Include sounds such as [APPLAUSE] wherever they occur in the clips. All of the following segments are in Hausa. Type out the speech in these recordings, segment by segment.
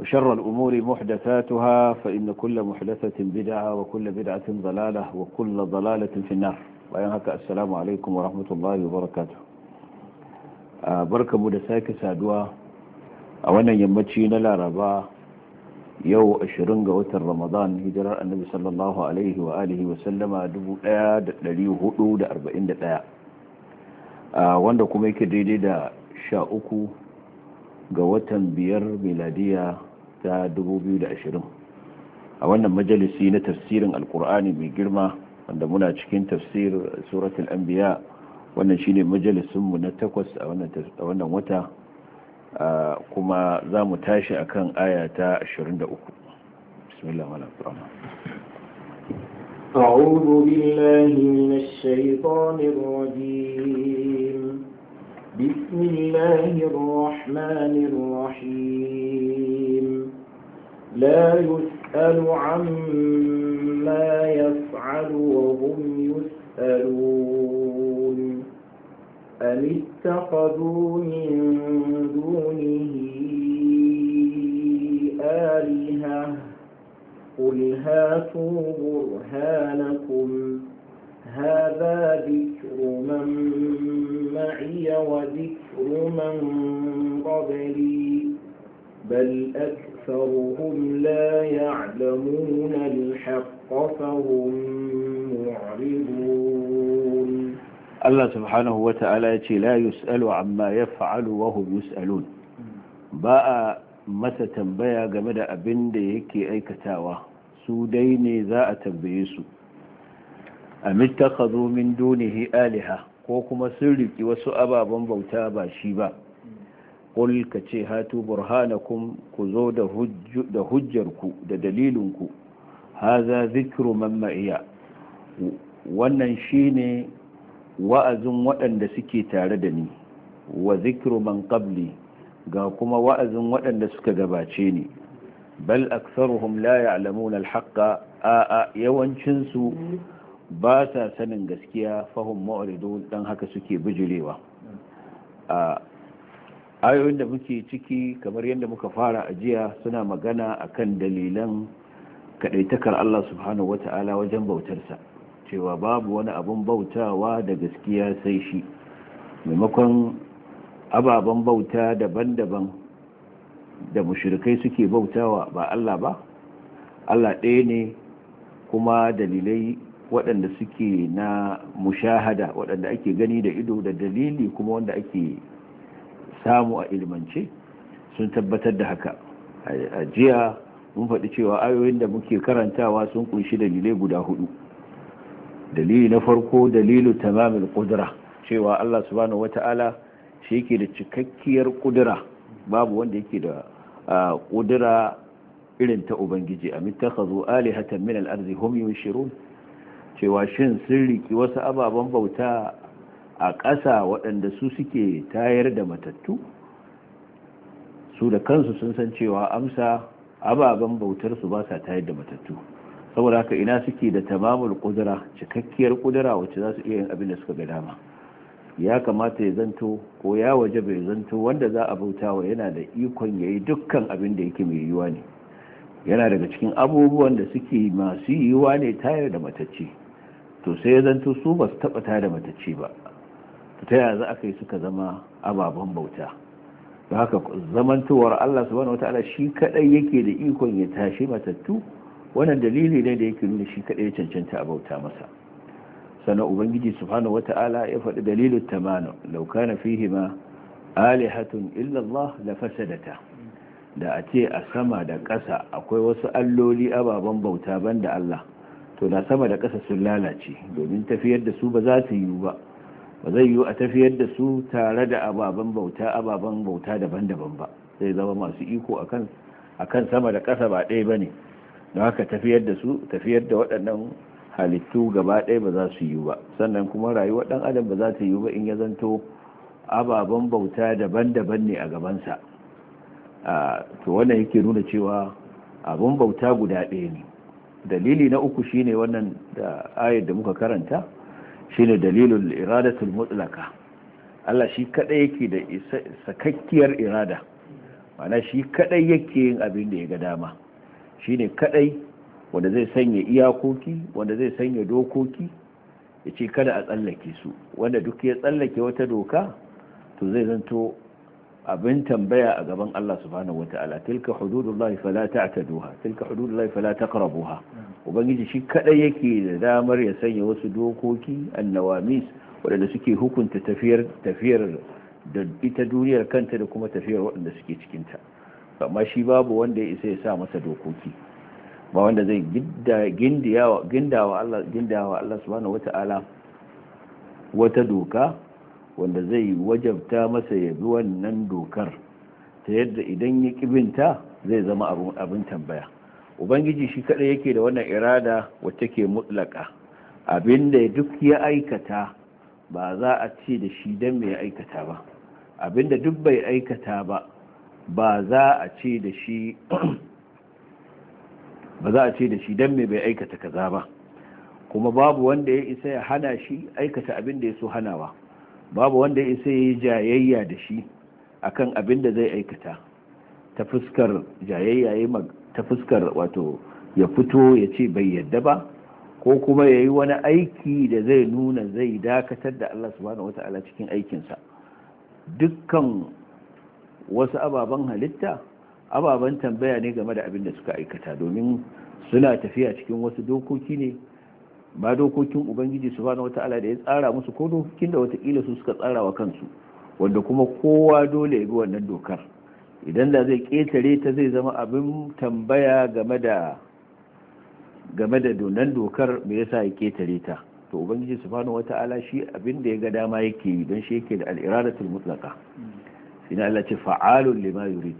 وشر الأمور محدثاتها فإن كل محدثة بدعة وكل بدعة ضلالة وكل ضلالة في النار وينهك السلام عليكم ورحمة الله وبركاته بركة مدساك سادوا أولا يمتشينا لاربا يو أشرنغ وتر رمضان هجر النبي صلى الله عليه وآله وسلم دبو لا دليو هدو دا أربعين دا wanda kuma yake daidai da sha uku ga watan biyar miladiya ta 2020 a wannan majalisi na tafsirin alkur'ani mai girma wanda muna cikin tafsir suratul anbiya wannan shine majalisinmu na takwas a wannan wata kuma za mu tashi akan aya ta 23 bismillah أعوذ بالله من الشيطان الرجيم بسم الله الرحمن الرحيم لا يسأل عما يفعل وهم يسألون أم اتخذوا من دونه آلهة قل هاتوا برهانكم هذا ذكر من معي وذكر من قبلي بل أكثر أكثرهم لا يعلمون ya ce la الله سبحانه وتعالى لا يسأل عما يفعل وهم يسألون باء masa tambaya game da abinda da yake aikatawa su dai ne za a tambaye su amittakazo min dunihi aliha ko kuma sun riki wasu ababen bauta ba shi ba qul ka ce hatu burhanakum ku zo da hujjarku da dalilinku haza zikru man ma'iya wannan shine wa'azin waɗanda suke tare da ni wa zikru man qabli ga kuma wa'azin waɗanda suka gabace ni bal aktharuhum la ya'lamuna al-haqqa a'a yawancin su ba sa sanin gaskiya fahim mu'ridun dan haka suke bijirewa a ayoyin da muke ciki kamar yadda muka fara ajiya suna magana a kan dalilan kadaitakar Allah subhanahu wata'ala wajen bautarsa cewa babu wani abun bautawa da gaskiya sai shi maimakon ababen bauta daban-daban da mushrikai suke bautawa ba Allah ba Allah ɗaya ne kuma dalilai waɗanda suke na mushahada waɗanda ake gani da ido da dalili kuma wanda ake samu a ilmance sun tabbatar da haka a jiya mun faɗi cewa ayoyin da muke karantawa sun kunshi dalilai guda hudu dalili na farko dalilu tamamil kudura cewa Allah subhanahu wata'ala shi yake da cikakkiyar kudura babu wanda yake da kudura irin ta ubangiji amin zo alihatan min al'arzi ardi hum cewa shin sun riki wasu ababen bauta a ƙasa waɗanda su suke tayar da matattu su da kansu sun san cewa amsa ababen bautar su ba sa tayar da matattu saboda haka ina suke da tamamul kudura cikakkiyar kudura wacce za su iya yin abin da suka ga dama ya kamata ya zanto ko ya waje bai zanto wanda za a bautawa yana da ikon ya yi dukkan abin da yake mai yiwuwa ne yana daga cikin abubuwan da suke masu yiwuwa ne tayar da matacce to sai ya zanto su ba su taba tayar da matacce ba ta yaya za a yi suka zama ababen bauta da haka zamantowar Allah subhanahu wataala shi kadai yake da ikon ya tashi matattu wannan dalili ne da yake nuna shi kadai ya cancanta a bauta masa sannan ubangiji subhanahu wataala ya faɗi dalilin tamanu law kana fihi ma alihatun illa Allah la fasadata da a ce a sama da ƙasa akwai wasu alloli ababen bauta banda Allah to da sama da ƙasa sun lalace domin tafiyar da su ba za su yiwu ba ba zai yiwu a tafiyar da su tare da ababen bauta ababen bauta daban-daban ba zai zama masu iko a kan sama da ƙasa ba ɗaya ba ne don haka tafiyar da su tafiyar da waɗannan halittu gaba ɗaya ba za su yiwu ba sannan kuma rayuwar ɗan adam ba za ta yiwu ba in ya zanto ababen bauta daban-daban ne a gabansa to wannan yake nuna cewa abun bauta guda ɗaya ne dalili na uku shine wannan da ayar da muka karanta shine irada iradatul mutlaka Allah shi kadai yake da sakakkiyar irada mana shi kadai yake yin abin da ya ga dama shine kadai wanda zai sanya iyakoki wanda zai sanya dokoki ya ce kada a tsallake su wanda duk ya tsallake wata doka to zai zanto abin tambaya a gaban Allah subhanahu ta'ala. tilka hududullahi fala ta'taduha tilka hududullahi fala taqrabuha ubangiji shi kadai yake da damar ya sanya wasu dokoki annawamis wadanda suke hukunta tafiyar tafiyar da ita duniyar kanta da kuma tafiyar waɗanda suke cikin ta amma shi babu wanda ya isa ya sa masa dokoki ba wanda zai gindawa Allah gindawa Allah subhanahu ta'ala wata doka wanda zai wajabta masa ya bi wannan dokar ta yadda idan ya kibinta zai zama abin tambaya ubangiji shi kadai yake da wannan irada wacce ke mutlaka abinda duk ya aikata ba za a ce da shi don mai aikata ba abinda duk bai aikata ba ba za a ce da shi ba za a ce da shi don mai bai aikata kaza ba kuma babu wanda ya isa ya hana shi aikata abin da ya so hanawa babu wanda ya isa yi jayayya da shi akan abin da zai aikata ta fuskar jayayya ta fuskar wato ya fito ya ce bai yadda ba ko kuma ya yi wani aiki da zai nuna zai dakatar da Allah subhanahu ta'ala cikin aikinsa dukkan wasu ababen halitta ababen tambaya ne game da abin da suka aikata domin suna tafiya cikin wasu dokoki ne ba dokokin ubangiji wata ala da ya tsara musu ko dokokin da watakila su suka tsara wa kansu wanda kuma kowa dole ya bi wannan dokar idan da zai ƙetare ta zai zama abin tambaya game da game da donan dokar me yasa ya ƙetare ta to ubangiji subhanahu wata'ala shi abin da ya ga dama yake yi don shi yake da al'iradatul mutlaqa ina Allah ce fa'alun lima yurid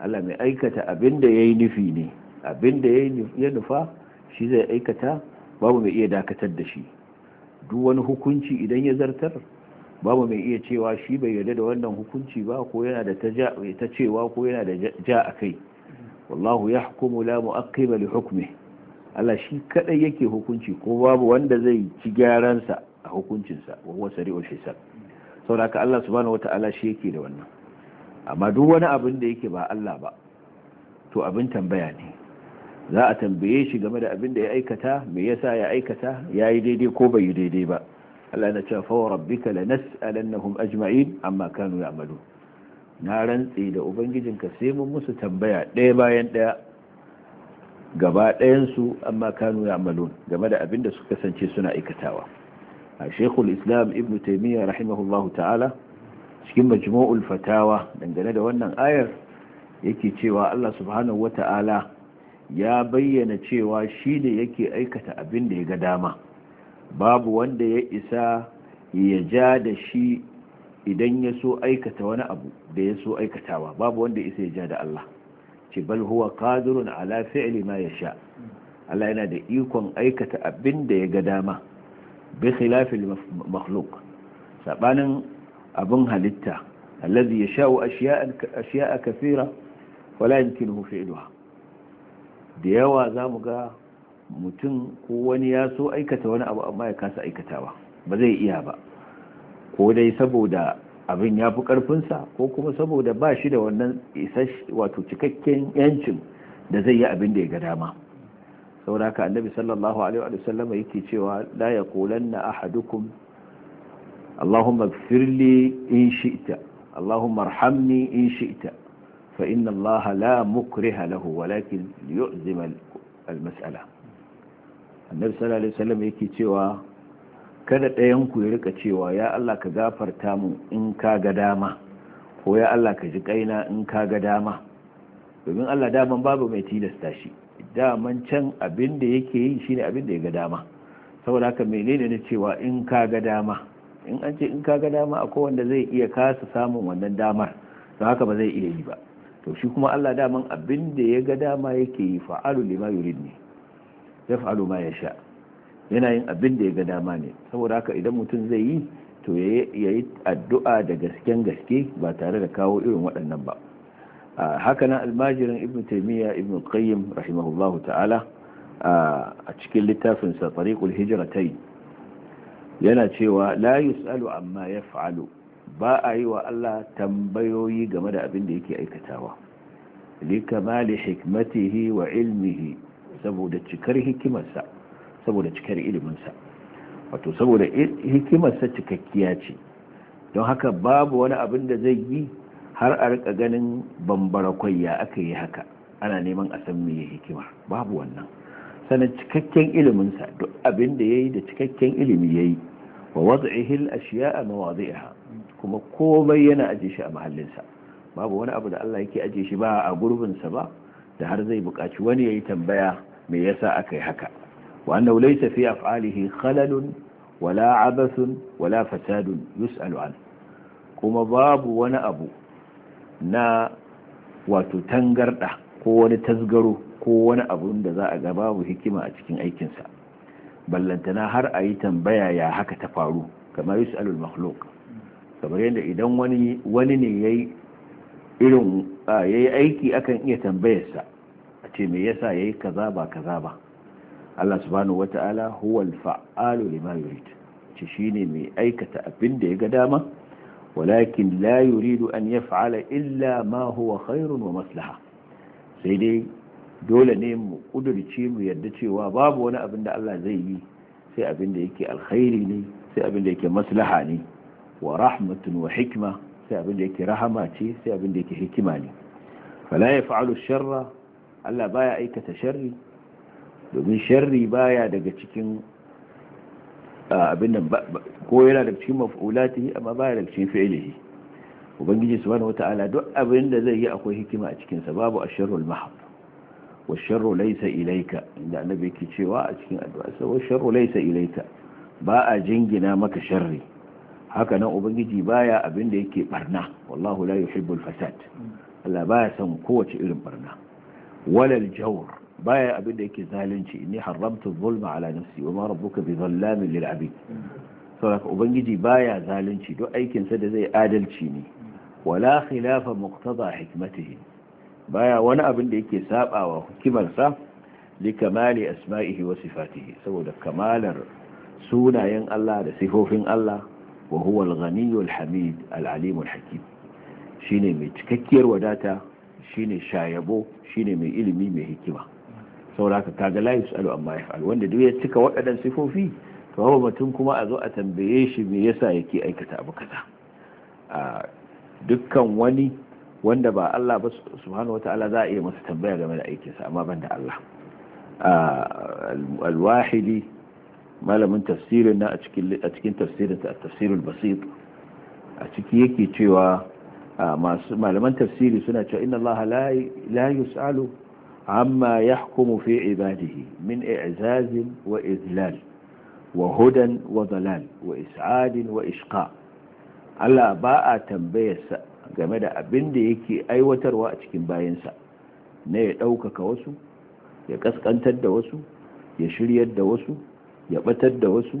Allah mai aikata abin da yayi nufi ne abin da yayi ya nufa shi zai aikata babu mai iya dakatar da shi duk wani hukunci idan ya zartar babu mai iya cewa shi bai yarda da wannan hukunci ba ko yana da ta cewa ko yana da ja a kai wallahu ya hukumu la mu'aqqiba li hukmi Allah shi kadai yake hukunci ko babu wanda zai ci gyaran sa a hukuncin sa wa huwa sari'ul hisab saboda Allah subhanahu wata'ala shi yake da wannan amma duk wani abin da yake ba Allah ba to abin tambaya ne za a tambaye shi game da abin da ya aikata me yasa ya aikata ya yi daidai ko bai yi daidai ba Allah na ce fa rabbika lanas'alannahum ajma'in amma kanu ya'malu na rantsi da ubangijinka sai mun musu tambaya ɗaya bayan ɗaya gaba ɗayan su amma kanu ya'malun game da abin da suka kasance suna aikatawa a shekul islam ibn taimiyya rahimahullahu ta'ala cikin majmu'ul fatawa dangane da wannan ayar yake cewa Allah subhanahu ta'ala. ya bayyana cewa shi ne yake aikata abin da ya ga dama babu wanda ya isa ya ja da shi idan ya so aikata wani abu da ya so aikatawa babu wanda ya isa ya ja da Allah ce bal huwa qadirun ala fi'li ma yasha Allah yana da ikon aikata abin da ya ga dama bi khilafil makhluq sabanin abin halitta alladhi yasha'u ashiya'a ashiya'a kathira wala yumkinuhu fi'luha da yawa za mu ga mutum ko wani ya so aikata wani abu amma ya kasa aikatawa ba zai iya ba ko dai saboda abin ya fi karfinsa ko kuma saboda ba shi da wannan wato cikakken yancin da zai yi abin da ya ga dama sauraka annabi sallallahu alaihi wa sallam yake cewa la yaqulanna ahadukum allahumma ighfirli in shi'ta allahumma arhamni in shi'ta fa inna allaha la mukriha lahu walakin yu'zima al-mas'ala annabi sallallahu alaihi wasallam yake cewa kada ɗayan ku ya rika cewa ya Allah ka gafarta mun in ka ga dama ko ya Allah ka ji kaina in ka ga dama domin Allah daman babu mai tilasta shi daman can abin da yake yi shine abin da ya ga dama saboda haka menene ne cewa in ka ga dama in an ce in ka ga dama akwai wanda zai iya kasa samun wannan damar don haka ba zai iya yi ba to shi kuma Allah daman abin da ya ga dama yake yi fa'alu lima yurid ne ya fa'alu ma ya sha yana yin abin da ya ga dama ne saboda haka idan mutum zai yi to yayi yi addu'a da gasken gaske ba tare da kawo irin waɗannan ba haka nan almajirin ibn taimiyya ibn qayyim rahimahullahu ta'ala a cikin littafinsa tariqul hijratai yana cewa la yus'alu amma yaf'alu ba a yi wa Allah tambayoyi game da abin da yake aikatawa likamali hikmatihi wa ilmihi saboda cikar hikimarsa saboda cikar iliminsa wato saboda hikimarsa cikakkiya ce don haka babu wani abin da zai yi har a rika ganin bambarakwai ya aka yi haka ana neman a san meye hikima babu wannan sanin cikakken iliminsa duk abin da ya yi da cikakken ilimi ya yi wa wazi'ihil ashiya a mawazi'iha kuma komai yana aje shi a mahallinsa babu wani abu da Allah yake aje shi ba a gurbinsa ba da har zai buƙaci wani ya yi tambaya me yasa aka yi haka wa annahu laysa fi af'alihi khalalun wala abathun wala fasadun yus'alu an kuma babu wani abu na wato tangarda ko wani tasgaro ko wani abun da za a ga babu hikima a cikin aikinsa ballantana har a yi tambaya ya haka ta faru kamar al makhluq kamar yadda idan wani ne ne yi irin yayi aiki akan iya tambayarsa a ce me yasa yayi kaza ba kaza ba Allah subhanahu wata'ala huwa al-fa'alu lima yurid ce shine mai aikata abin da ya ga dama walakin la yuridu an yaf'ala illa ma huwa khairun wa maslaha sai dai dole ne mu ƙudurci mu yarda cewa babu wani abin da Allah zai yi sai abin da yake alkhairi ne sai abin da yake maslaha ne wa rahmatun wa hikma sai abin da yake rahama ce sai abin da yake hikima ne fala ya fa'alu sharra Allah baya aikata sharri domin sharri baya daga cikin abin nan ko yana daga cikin maf'ulatihi amma baya daga cikin fi'ilihi ubangiji subhanahu wata'ala duk abin da zai yi akwai hikima a cikin sa babu asharrul mahab wa sharru laysa ilayka inda annabi yake cewa a cikin addu'a sa wa sharru laysa ilayka ba a jingina maka sharri haka nan ubangiji baya abin da yake barna wallahu la yuhibbul fasad Allah baya son kowace irin barna walal jawr baya abin da yake zalunci inni haramtu zulma ala nafsi wa ma rabbuka bi zallamin lil abid saboda ubangiji baya zalunci duk aikin sa da zai adalci ne wala khilafa muqtada hikmatihi baya wani abin da yake sabawa sa likamali asma'ihi wa sifatihi saboda kamalar sunayen Allah da sifofin Allah wa huwa hamid al-alim hakim shine mai cikakkiyar wadata shine shayabo shine mai ilimi mai hikima saboda kaga la yusalu amma yaf'al wanda duk ya cika waɗannan sifofi to hawa mutum kuma a zo a tambaye shi me yasa yake aikata abu kaza dukkan wani wanda ba Allah ba subhanahu wataala za a iya masa tambaya game da aikinsa amma ban da Allah al-wahidi malamin tafsirin na a cikin tafsirin ta tafsirul basit a ciki yake cewa masu malaman tafsiri suna cewa inna Allah la yus'alu amma yahkumu fi ibadihi min i'zazin wa izlal wa hudan wa dalal wa is'adin wa ishqa Allah ba a tambayarsa game da abin da yake aiwatarwa a cikin bayansa na ya ɗaukaka wasu ya ƙasƙantar da wasu ya shiryar da wasu ya batar da wasu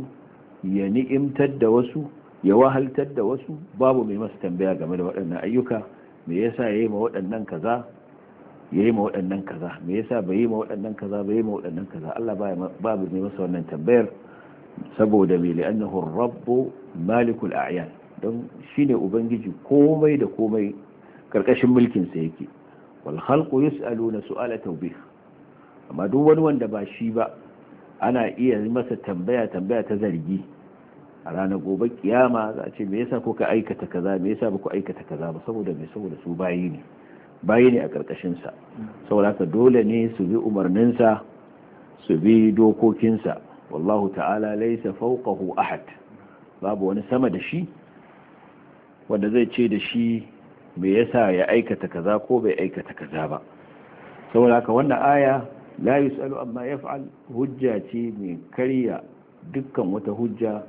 ya ni'imtar da wasu ya wahaltar da wasu babu mai masa tambaya game da waɗannan ayyuka me yasa yi ma waɗannan kaza yi ma waɗannan kaza me yasa bai yi ma waɗannan kaza bai yi ma waɗannan kaza Allah babu mai masa wannan tambayar saboda me li'annahu rabbu malikul a'yan don shine ubangiji komai da komai karkashin mulkin sa yake wal khalqu yus'aluna su'ala tawbih amma duk wani wanda ba shi ba ana iya masa tambaya tambaya ta zargi a ranar gobe kiyama za a ce me yasa kuka aikata kaza me yasa baku aikata kaza ba saboda me saboda su bayi ne bayi ne a karkashin sa saboda haka dole ne su bi umarnin sa su bi dokokin sa wallahu ta'ala laysa fawqahu ahad babu wani sama da shi wanda zai ce da shi me yasa ya aikata kaza ko bai aikata kaza ba saboda haka wannan aya la yus'alu amma yaf'al hujja ce mai karya dukkan wata hujja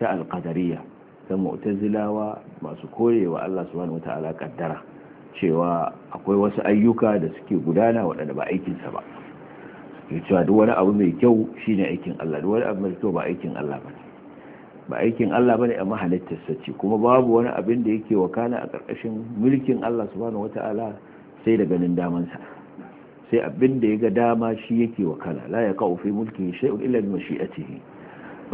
ta alqadariyya ta mu'tazilawa masu korewa Allah subhanahu wata'ala kaddara cewa akwai wasu ayyuka da suke gudana waɗanda ba aikinsa ba suke cewa duk wani abu mai kyau shine aikin Allah duk wani abu mai kyau ba aikin Allah ba ba aikin Allah bane amma halittarsa ce kuma babu wani abin da yake wakana a ƙarƙashin mulkin Allah subhanahu wata'ala sai da ganin damansa sai abin da ya ga dama shi yake wakala la ya kawo fi mulki shay'un illa bi mashi'atihi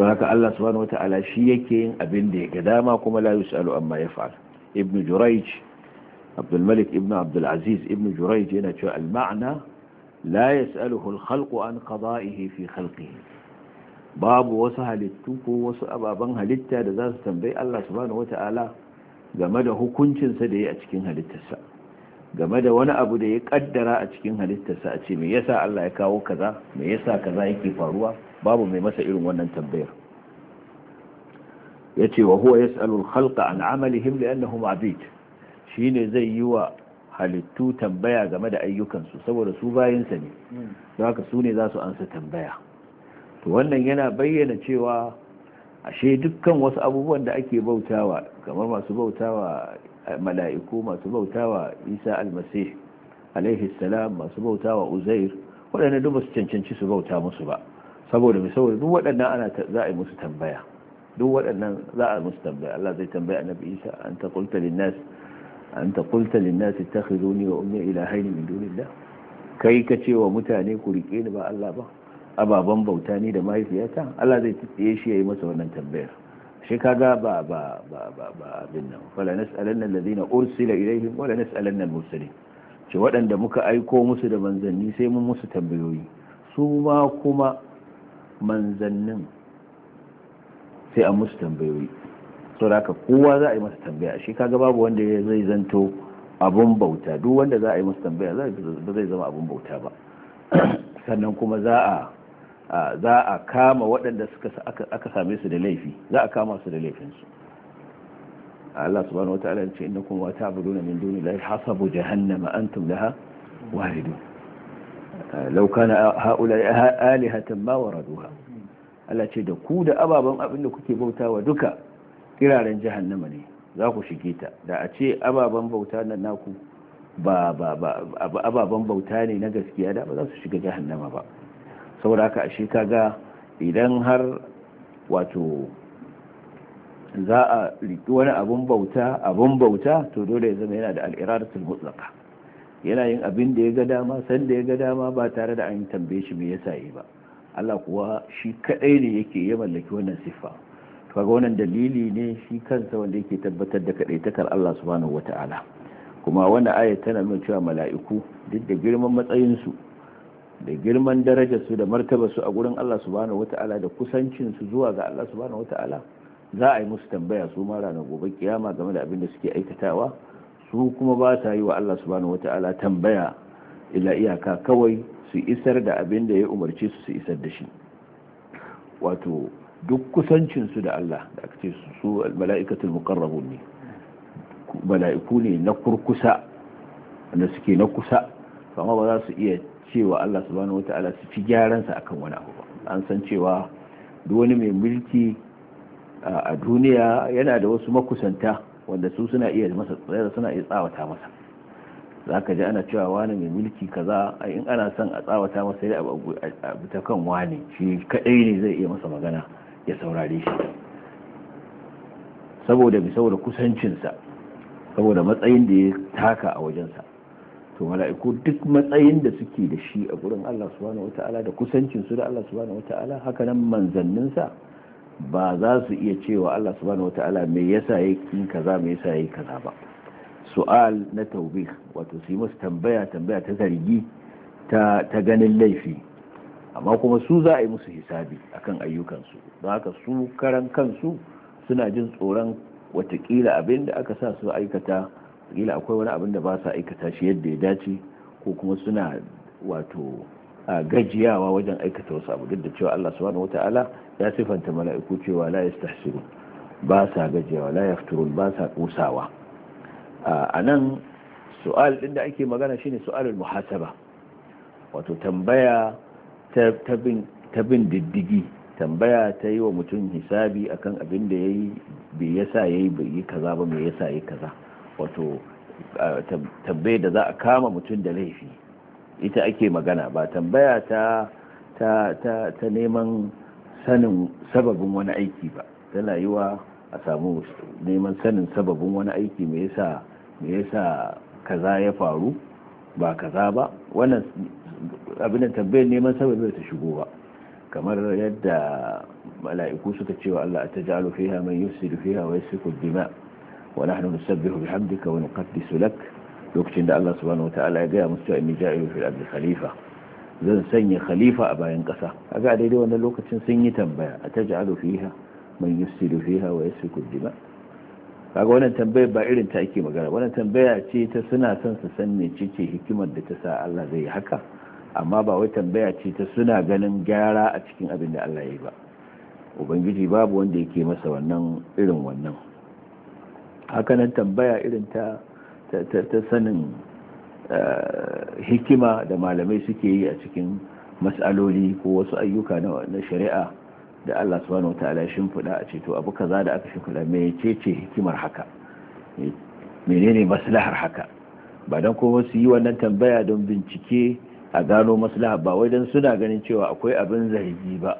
don haka Allah subhanahu wataala shi yake yin abin da ya ga dama kuma la yusalu amma yaf'al ibn jurayj abdul malik ibn abdul aziz ibn jurayj yana cewa al ma'na la yasaluhu al khalqu an qada'ihi fi khalqihi babu wasu halittu ko wasu ababen halitta da za su tambayi Allah subhanahu wataala game da hukuncinsa da ya a cikin halittarsa game da wani abu da ya kaddara a cikin halittarsa a ce me yasa Allah ya kawo kaza me yasa kaza yake faruwa babu mai masa irin wannan tambayar yace wa huwa yasalu al-khalqa an amalihim li'annahum abid shine zai yi wa halittu tambaya game da ayyukansu saboda su bayinsa ne hmm. don haka su ne za su ansa tambaya to wannan yana bayyana cewa ashe dukkan wasu abubuwan da ake bautawa kamar masu bautawa eh, mala'iku masu bautawa isa almasih alaihi salam masu bautawa uzair waɗanda duk ba su cancanci su bauta musu ba saboda mai saboda duk waɗannan ana za a yi musu tambaya duk waɗannan za a musu tambaya Allah zai tambaya annabi Isa an ta qulta lin an ta qulta lin nas ittakhizuni wa ummi ilahaini min dunillah kai ka ce wa mutane ku rike ni ba Allah ba ababen bauta ni da mahaifiyata Allah zai tsaye shi ya yi masa wannan tambayar shi kaga ba ba ba ba ba abin nan fala nas'alanna alladhina ursila ilaihim wala nas'alanna al-mursalin ce waɗanda muka aiko musu da manzanni sai mun musu tambayoyi su ma kuma manzannin sai a musu tambayoyi saboda haka kowa za a yi masa tambaya shi kaga babu wanda zai zanto abun bauta duk wanda za a yi masa tambaya ba zai zama abun bauta ba [COUGHS] sannan kuma za a za a kama waɗanda aka same su da laifi za a kama su da laifinsu Allah subhanahu wata'ala ce inna kuma wata abu min duni la hasabu jahannama antum laha waridun law kana haula alihatan ma waraduha Allah ce da ku da ababen abin da kuke wa duka kiraren jahannama ne za ku shige ta da a ce ababen bauta naku ba ababen bauta ne na gaskiya da ba za su shiga jahannama ba sauraka haka ashe kaga idan har wato za a riki wani abun bauta abun bauta to dole ya zama yana da al'irar mutlaka yana yin abin da ya ga dama san ya ga dama ba tare da an yi tambaye shi me yasa yi ba Allah kuwa shi kaɗai ne yake ya mallaki wannan siffa to ga wannan dalili ne shi kansa wanda yake tabbatar da kaɗaitakar Allah subhanahu wataala kuma wannan aya tana nuna cewa mala'iku duk da girman matsayinsu. su da girman darajarsu da martabarsu a gurin Allah subhanahu wata'ala da kusancinsu zuwa ga Allah subhanahu wata'ala za a yi musu tambaya su ma ranar gobe kiyama game da abin da suke aikatawa su kuma ba ta yi wa Allah subhanahu wata'ala tambaya ila iyaka kawai su isar da abin da ya umarce su su isar da shi wato duk kusancinsu da Allah da aka ce su mala'ikatul muqarrabun ne mala'iku ne na kurkusa wanda suke na kusa kuma ba za su iya cewa Allah subhanahu wa ta'ala su ci gyaransa akan wani abu an san cewa duk wani mai mulki a duniya yana da wasu makusanta wanda su suna iya masa tsayar suna iya tsawata masa za ka ji ana cewa wani mai mulki kaza in ana son a tsawata masa sai a ta kan wani shi kadai ne zai iya masa magana ya saurare shi saboda bi saboda kusancinsa saboda matsayin da ya taka a wajensa to mala'iku duk matsayin da suke da shi a gurin Allah subhanahu wata'ala da kusancin su da Allah subhanahu wata'ala haka nan manzannin sa ba za su iya cewa Allah subhanahu wata'ala me yasa yake kaza me yasa yake kaza ba su'al na tawbih wato su musu tambaya tambaya ta zargi ta ta ganin laifi amma kuma su za a yi musu hisabi akan ayyukansu don haka su karan kansu suna jin tsoron watakila abin da aka sa su aikata watakila akwai wani abin da ba sa aikata shi yadda ya dace ko kuma suna wato a gajiyawa wajen aikata wasu abu duk da cewa Allah subhanahu wata'ala ya sifanta mala'iku cewa la yastahsiru ba sa gajiyawa la yafturun ba sa kusawa a nan su'al din da ake magana shine su'alul muhasaba wato tambaya ta bin diddigi tambaya ta yi wa mutum hisabi akan abin da yayi yi bai yasa yayi yi bai kaza ba me yasa yayi kaza wato tambaye da za a kama mutum da laifi ita ake magana ba tambaya ta ta ta ta neman sanin sababin wani aiki ba tana yi wa a samu neman sanin sababin wani aiki me yasa me yasa kaza ya faru ba kaza ba wannan abin tambayar neman sababin ta shigo ba kamar yadda mala'iku suka cewa Allah ta ja'alu fiha mai yusuf fiha wa yasfiku dima' wa nahnu nusabbihu bihamdika wa nuqaddisu lak lokacin da Allah subhanahu wataala ya gaya musu inni ja'ilu fil ardi khalifa zan sanya khalifa a bayan kasa kaga daidai wannan lokacin sun yi tambaya a ataj'alu fiha man yufsidu fiha wa yasfiku dima kaga wannan tambayar ba irin ta ake magana wannan tambaya ce ta suna son su san me cikin hikimar da ta sa Allah zai yi haka amma ba wai tambaya ce ta suna ganin gyara a cikin abin da Allah ya yi ba ubangiji babu wanda yake masa wannan irin wannan hakanan tambaya irin ta sanin eh, hikima da malamai suke yi a cikin mas'aloli ko wasu ayyuka na shari'a da Allah subhanahu wata shin fuda a ceto abu kaza da aka shekula me ce ce hikimar haka menene maslahar haka ba dan kuma su yi wannan tambaya don bincike a gano maslaha ba wai suna ganin cewa akwai abin zargi ba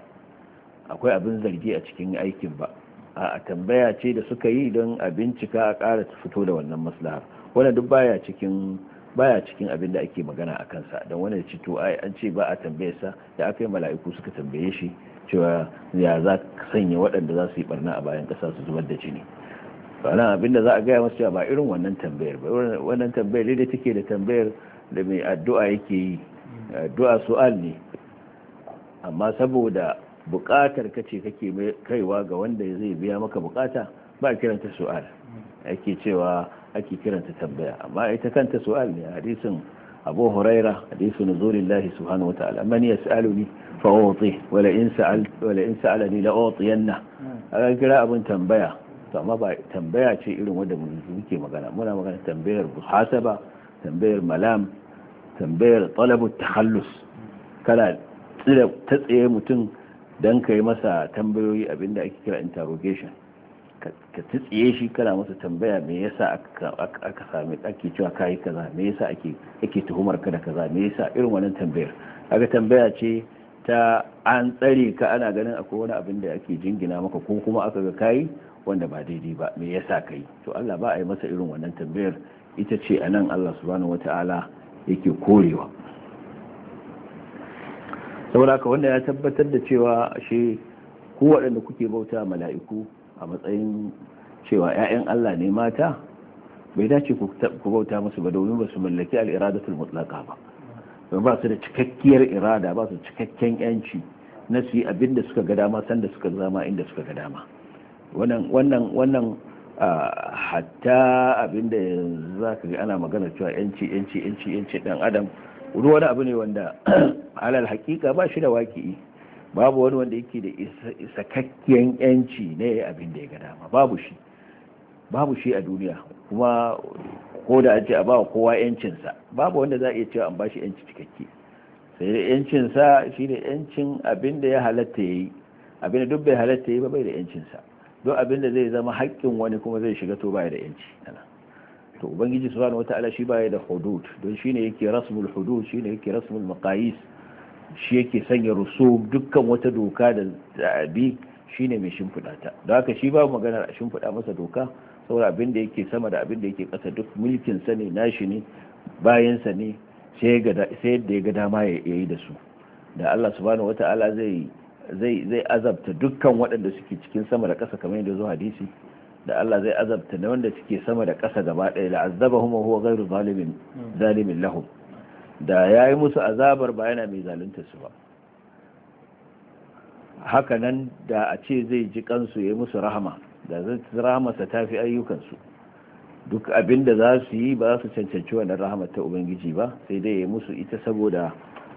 akwai abin zargi a cikin aikin ba a tambaya ce da suka yi don a bincika a ƙara fito da wannan maslaha wanda duk baya cikin baya cikin abin da ake magana a kansa don wanda ya ci to ai an ce ba a tambaye sa da aka yi mala'iku suka tambaye shi cewa ya za ka sanya waɗanda za su yi barna a bayan ƙasa su zubar da jini wannan abin da za a gaya masu cewa ba irin wannan tambayar ba wannan tambayar da take da tambayar da mai addu'a yake yi addu'a su'al ne amma saboda Bukatar ka ce kake kaiwa ga wanda zai biya maka bukata ba kiranta su'al ake cewa ake kiranta tambaya amma ita kanta su'al ne hadisin abu huraira hadisin nuzulillahi subhanahu wa ta'ala man yas'aluni fa uti wala in sa'al wala in sa'alani la utiyanna aka kira abun tambaya to amma ba tambaya ce irin wanda muke magana muna magana tambayar muhasaba tambayar malam tambayar talabu takhallus kana tsire ta tsaye mutum don ka yi masa tambayoyi abinda ake kira interrogation ka tsitsiye shi kana masa tambaya me yasa aka sami ake cewa kayi kaza me yasa sa ake tuhumar ka da kaza me yasa irin wannan tambayar aka tambaya ce ta an tsare ka ana ganin akwai wani abin da ake jingina maka ko kuma aka ga kayi wanda ba daidai ba me yasa kai to Allah ba a yi masa irin wannan tambayar ita ce anan Allah subhanahu wataala yake korewa saboda ka wanda ya tabbatar da cewa ashe ku waɗanda kuke bauta mala'iku a matsayin cewa 'ya'yan Allah ne mata bai dace ku bauta musu ba domin ba su mallaki al'iradatul mutlaka ba ba su da cikakkiyar irada ba su cikakken yanci na su yi abin da suka ga dama sanda suka zama inda suka ga dama wannan wannan hatta abin da yanzu za ka ga ana magana cewa yanci yanci yanci yanci dan adam ruwa wani abu ne wanda [CLEARS THROAT] alal hakika ba shi da waki babu wani wanda yake da isakakken yanci ne abin da ya ga dama babu shi babu shi a duniya kuma ko da ce a bawa kowa yancinsa babu wanda za a iya cewa an ba shi yanci cikakke sai da yancinsa shi ne yancin abin da ya halatta ya yi abin da duk bai halatta ya yi ba bai da yancinsa don abin da zai zama haƙƙin wani kuma zai shiga to baya da yanci to ubangiji subhanahu wataala shi baya da hudud don shine yake rasmul hudud shine yake rasmul maqayis shi yake sanya rusum dukkan wata doka da abi shine mai shimfida ta don haka shi babu magana a shimfiɗa masa doka saboda abin da yake sama da abin da yake kasa duk mulkin sa ne nashi ne bayan sa ne sai yadda ya ga dama ya yi da su da Allah subhanahu wata'ala zai zai azabta dukkan waɗanda suke cikin sama da ƙasa kamar yadda zo hadisi da Allah zai azabta da wanda suke sama da ƙasa gaba ɗaya la azabahum wa huwa ghairu zalimin hmm. zalimin lahum da yayi musu azabar ba yana mai zalunta su ba haka nan da a ce zai ji kansu ya yayi musu rahama da zai rahama sa tafi ayyukan su duk abinda za su yi ba su cancanci wannan rahama ta ubangiji ba sai dai yayi musu ita saboda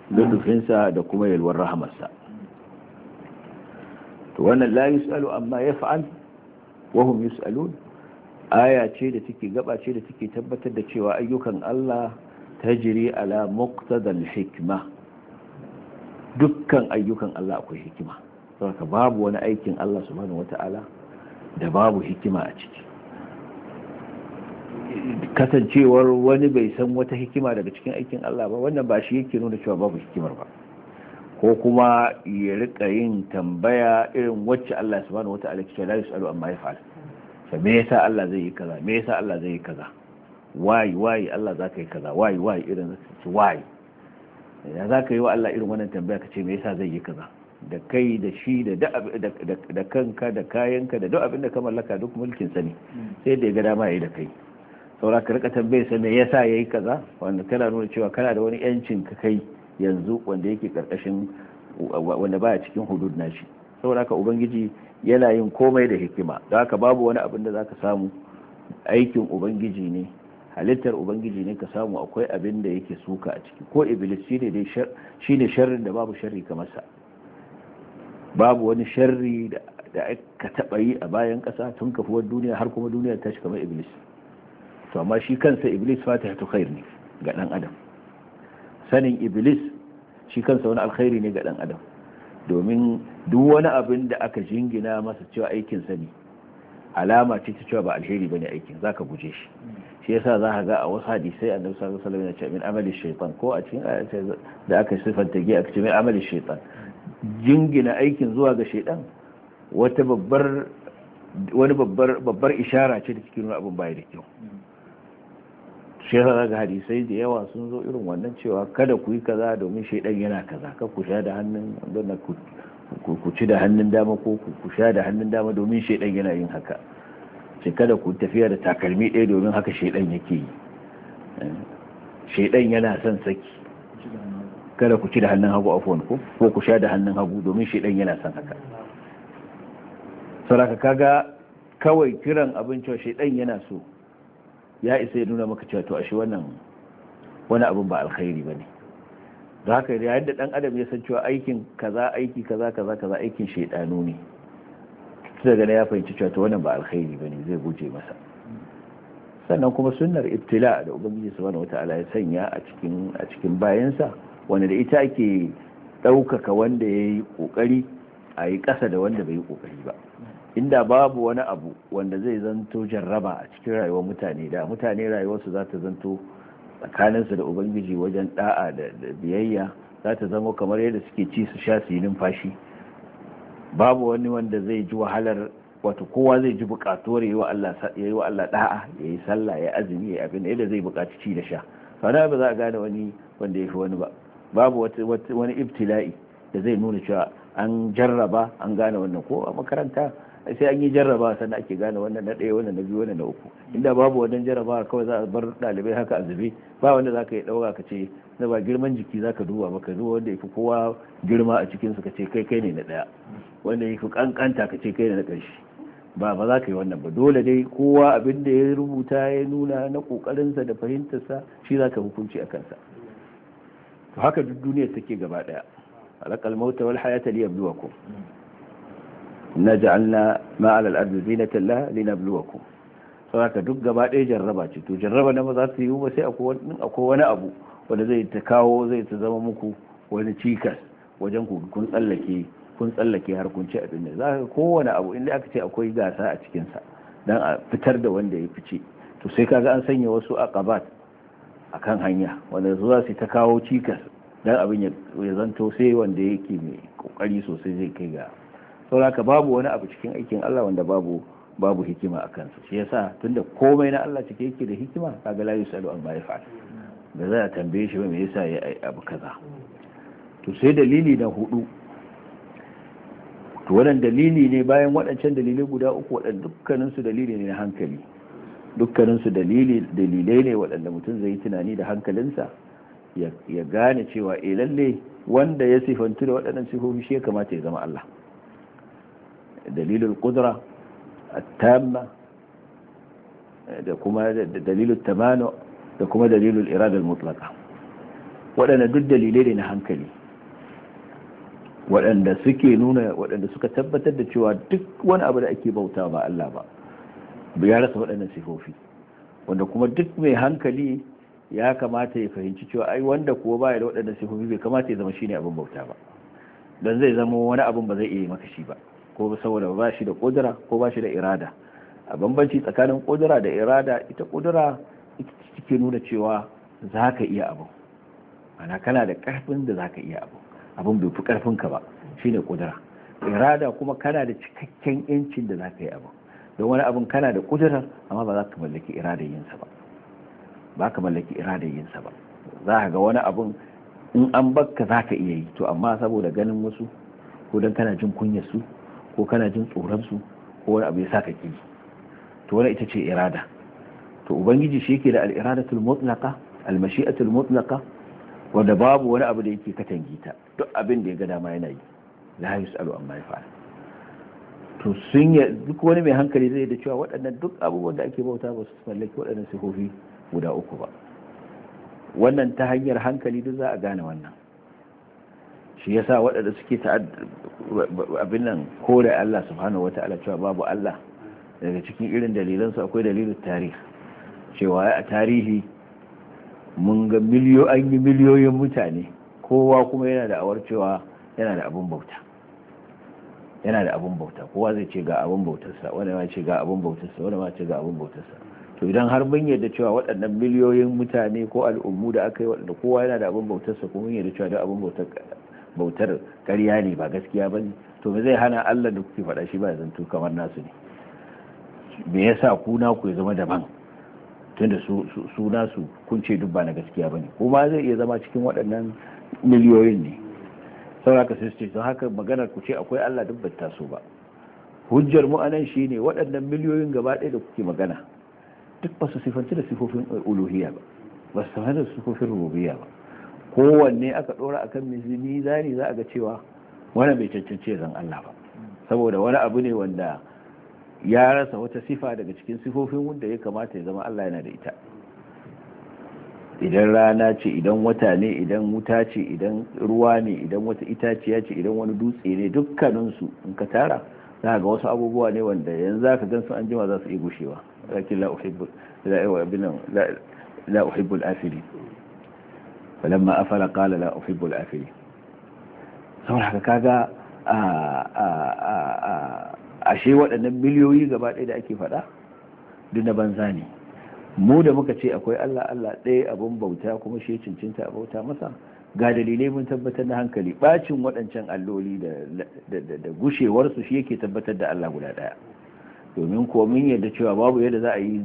lutufinsa da kuma yalwar rahamarsa to wannan la yusalu amma yaf'al wahum yus'alun aya ce da take gaba ce da take tabbatar da cewa ayyukan Allah tajri ala muqtadal hikma dukkan ayyukan Allah akwai hikima saboda babu wani aikin Allah subhanahu wata'ala da babu hikima a ciki kasancewar wani bai san wata hikima daga cikin aikin Allah ba wannan ba shi yake nuna cewa babu hikimar ba ko kuma ya rika yin tambaya irin wacce Allah subhanahu wata'ala ke la yusalu amma yaf'al fa me yasa Allah zai yi kaza me yasa Allah zai yi kaza wayi wayi Allah zaka yi kaza wayi wayi irin su wayi ya zaka yi wa Allah irin wannan tambaya kace me yasa zai yi kaza da kai da shi da kanka da kayanka da duk abin da ka mallaka duk mulkin sani sai da ya ga dama yayi da kai saura ka rika tambaye sa me yasa yayi kaza wanda kana nuna cewa kana da wani yancin ka kai yanzu wanda yake karkashin wanda baya cikin hudud shi saboda haka ubangiji yana yin komai da hikima don haka babu wani abin da zaka samu aikin ubangiji ne halittar ubangiji ne ka samu akwai abin da yake suka a ciki ko iblis shine dai shine sharrin da babu sharri ka masa babu wani sharri da da aka taba yi a bayan kasa tun kafuwar duniya har kuma duniya ta shi kamar iblis to amma shi kansa iblis fatiha khair ne ga ɗan adam sanin iblis shi kansa wani alkhairi ne ga dan adam domin duk wani abin da aka jingina masa cewa aikin ne alama ce ta cewa ba alheri bane aikin zaka guje shi shi yasa za ka ga a wasu hadisai annabi sallallahu alaihi wasallam ya ce amali shaytan ko a cikin da aka sifanta gi aka ce min amali shaytan jingina aikin zuwa ga shaytan wata babbar wani babbar babbar ishara ce da cikin abun bai da kyau shi ga hadisai da yawa sun zo irin wannan cewa kada ku yi kaza domin shaidan yana kaza ka ku sha da hannun don ku ci da hannun dama ko ku sha da hannun dama domin shaidan yana yin haka sai kada ku tafiya da takalmi ɗaya domin haka shaidan yake yi shaidan yana son saki kada ku ci da hannun hagu afon ko ko ku sha da hannun hagu domin shaidan yana son haka saraka kaga kawai kiran abin cewa shaidan yana so ya isa ya nuna maka cewa to ashe wannan wani abin ba alkhairi ba ne da haka yayin da dan adam ya san cewa aikin kaza aiki kaza kaza kaza aikin shaidanu ne sai daga ya fahimci cewa to wannan ba alkhairi ba ne zai guje masa sannan kuma sunnar ibtila da ubangiji subhanahu wataala ya sanya a cikin a cikin bayansa wanda da ita ake ɗaukaka wanda ya yi ƙoƙari a ƙasa da wanda bai yi ƙoƙari ba inda babu wani abu wanda zai zanto jarraba a cikin rayuwar mutane da mutane rayuwarsu za ta zanto tsakaninsu da ubangiji wajen da'a da biyayya za ta zama kamar yadda suke ci su sha su yi numfashi babu wani wanda zai ji wahalar wato kowa zai ji bukatuwar yi wa Allah ya yi wa Allah da'a ya yi sallah ya azumi ya abin yadda zai bukaci ci da sha da ba za a gane wani wanda ya fi wani ba babu wani ibtila'i da zai nuna cewa an jarraba an gane wannan ko a makaranta sai an yi jarraba sannan ake gane wannan na ɗaya wannan na biyu wannan na uku inda babu wannan jarraba kawai za a bar ɗalibai haka a zube ba wanda za ka yi ɗauka ka ce na ba girman jiki za ka duba ba ka duba wanda ya fi kowa girma a cikinsu ka ce kai kai ne na ɗaya wanda ya fi ƙanƙanta ka ce kai ne na ƙarshe ba ba za ka yi wannan ba dole dai kowa abin da ya rubuta ya nuna na ƙoƙarinsa da fahimtarsa shi za ka hukunci a kansa to haka duk duniyar take gaba ɗaya alaƙal mauta wal hayata liyabluwakum na ja'alna ma'al al'adu zinatan la linabluwakum saka duk gaba ɗaya jarraba ce to jarraba na maza za su yi ba sai akwai wani abu wanda zai ta kawo zai ta zama muku wani cikas wajen kun tsallake kun tsallake har kun ci abin da za ka kowane abu inda aka ce akwai gasa a cikinsa don a fitar da wanda ya fice to sai kaga an sanya wasu aqabat a kan hanya wanda su za su ta kawo cikas don abin ya zanto sai wanda yake mai kokari sosai zai kai ga sauraka babu wani abu cikin aikin Allah wanda babu babu hikima a kansa shi yasa tunda komai na Allah cike yake da hikima kaga la yusalu bai yaf'al da za a tambaye shi ba me yasa ya abu kaza to sai dalili na hudu to wannan dalili ne bayan waɗancan dalilai guda uku waɗanda dukkanin su dalili ne na hankali dukkanin su dalili dalilai ne waɗanda mutum zai tunani da hankalinsa ya gane cewa eh lalle wanda ya sifantu da waɗannan sifofi shi ya kamata ya zama Allah dalilul qudra at-tamma da kuma dalilul tamanu da kuma dalilul irada al waɗanda duk dalilai ne na hankali waɗanda suke nuna waɗanda suka tabbatar da cewa duk wani abu da ake bauta ba Allah ba ya rasa waɗannan sifofi wanda kuma duk mai hankali ya kamata ya fahimci cewa ai wanda kuwa baya da waɗannan sifofi bai kamata ya zama shine abin bauta ba don zai zama wani abin ba zai iya maka shi ba ko saboda ba shi da kudura ko ba shi da irada a bambanci tsakanin kudura da irada ita kudura nuna cewa za ka iya abu ana kana da karfin da za ka iya abu abin bai fi karfinka ba shi shine kudura irada kuma kana da cikakken yancin da za ka yi abu don wani abin kana da kudura amma ba za ka mallaki iradar yinsa ba ba ka mallaki iradar yinsa ba za ka ga wani abin in an bakka za ka iya yi to amma saboda ganin wasu ko don kana jin kunyar su ko kana jin tsoron su ko wani abu ya ka ki to wannan ita ce irada to ubangiji shi yake da al-iradatul mutlaqa al-mashi'atul mutlaqa wanda babu wani abu da yake katangita, duk abin da ya ga dama yana yi la yusalu amma yafa'al to sun ya duk wani mai hankali zai da cewa waɗannan duk abubuwan da ake bauta ba su mallaki waɗannan sifofi guda uku ba wannan ta hanyar hankali duk za a gane wannan shi yasa waɗanda suke abin nan kore Allah subhanahu wa ta'ala cewa babu Allah daga cikin irin dalilansu akwai dalilin tarihi cewa a tarihi mun ga miliyoyin yi miliyoyin mutane kowa kuma yana da awar cewa yana da abin bauta yana da abin bauta kowa zai ce ga abin bautarsa wanda ma ce ga abin bautarsa wanda ma ce ga abin bautarsa to idan har mun yarda cewa waɗannan miliyoyin mutane ko al'ummu da aka yi waɗanda kowa yana da abin bautarsa kuma mun yarda cewa da abin bautar bautar ƙarya ne ba gaskiya ba ne to me zai hana allah da kuke faɗa shi ba ya zanto kamar nasu ne me yasa ku na ku ya zama daban tunda su nasu kun ce duk ba na gaskiya ba ne kuma zai iya zama cikin waɗannan miliyoyin ne sauraka sai su ce haka maganar ku ce akwai allah duk ta so ba hujjar mu anan shine waɗannan miliyoyin gaba ɗaya da kuke magana duk ba su sifanci da sifofin uluhiyya ba ba su sifanci da sifofin rububiyya ba kowanne aka dora akan mizani za a ga cewa wani bai cancanci zan Allah ba saboda wani abu ne wanda ya rasa wata sifa daga cikin sifofin wanda ya kamata ya zama Allah yana da ita idan rana ce idan wata ne idan wuta ce idan ruwa ne idan wata itaciya ce idan wani dutse ne dukkaninsu in ka tara za ga wasu abubuwa ne wanda yanzu za ka gansu an jima za su iya gushewa lakin la uhibbul falamma afala qala la uhibbul afili saboda kaga a a ashe waɗannan miliyoyi gaba ɗaya da ake faɗa Duna banza ne mu da muka ce akwai Allah Allah ɗaya abun bauta kuma shi cincinta a bauta masa ga dalilai mun tabbatar da hankali Ɓacin waɗancan alloli da gushewarsu shi yake tabbatar da Allah guda ɗaya domin ko mun yadda cewa babu yadda za a yi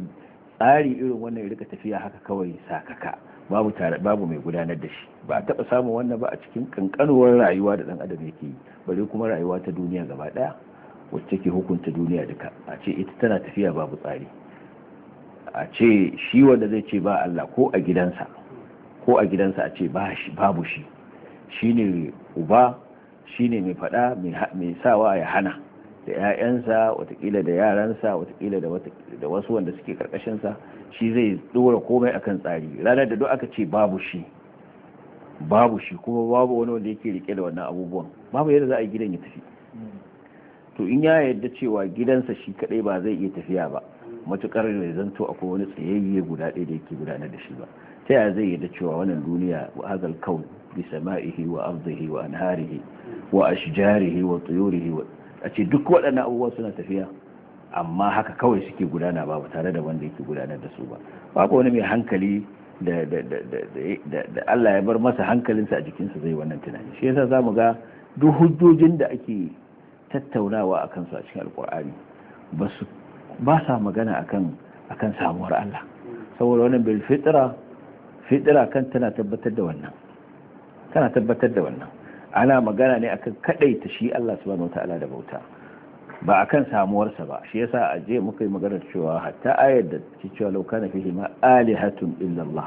tsari irin wannan ya rika tafiya haka kawai sakaka babu tare babu mai gudanar da shi ba a taba samun wannan ba a cikin kankanuwar rayuwa da ɗan adam yake yi bare kuma rayuwa ta duniya gaba daya wacce ke hukunta duniya duka a ce ita tana tafiya babu tsari a ce shi wanda zai ce ba Allah ko a gidansa ko a gidansa a ce babu shi shine uba shine mai faɗa mai sawa ya hana da 'ya'yansa watakila da yaransa watakila da wasu wanda suke karkashinsa shi zai dora komai akan tsari ranar da duk aka ce babu shi babu shi kuma babu wani wanda yake rike da wannan abubuwan babu yadda za a yi gidan ya tafi to in ya yarda cewa gidansa shi kadai ba zai iya tafiya ba matukar da zanto akwai wani tsayayye guda ɗaya da yake gudanar da shi ba ta yaya zai yarda cewa wannan duniya wa hazal kaun bi sama'ihi wa ardihi wa anharihi wa ashjarihi wa tuyurihi a ce duk waɗannan abubuwa suna tafiya amma haka kawai suke gudana ba tare da wanda yake gudanar da su ba babu wani mai hankali da Allah ya bar masa hankalinsa a jikinsa zai wannan tunani shi yasa zamu ga duk hujjojin da ake tattaunawa akan su a cikin alkur'ani ba ba sa magana akan akan samuwar Allah saboda wannan bil fitra fitra kan tana tabbatar da wannan tana tabbatar da wannan ana magana ne akan kadaita shi Allah subhanahu wataala da bauta ba akan samuwarsa ba shi yasa a je muka yi magana cewa hatta ayar da ke cewa law kana fihi ma alihatun illa Allah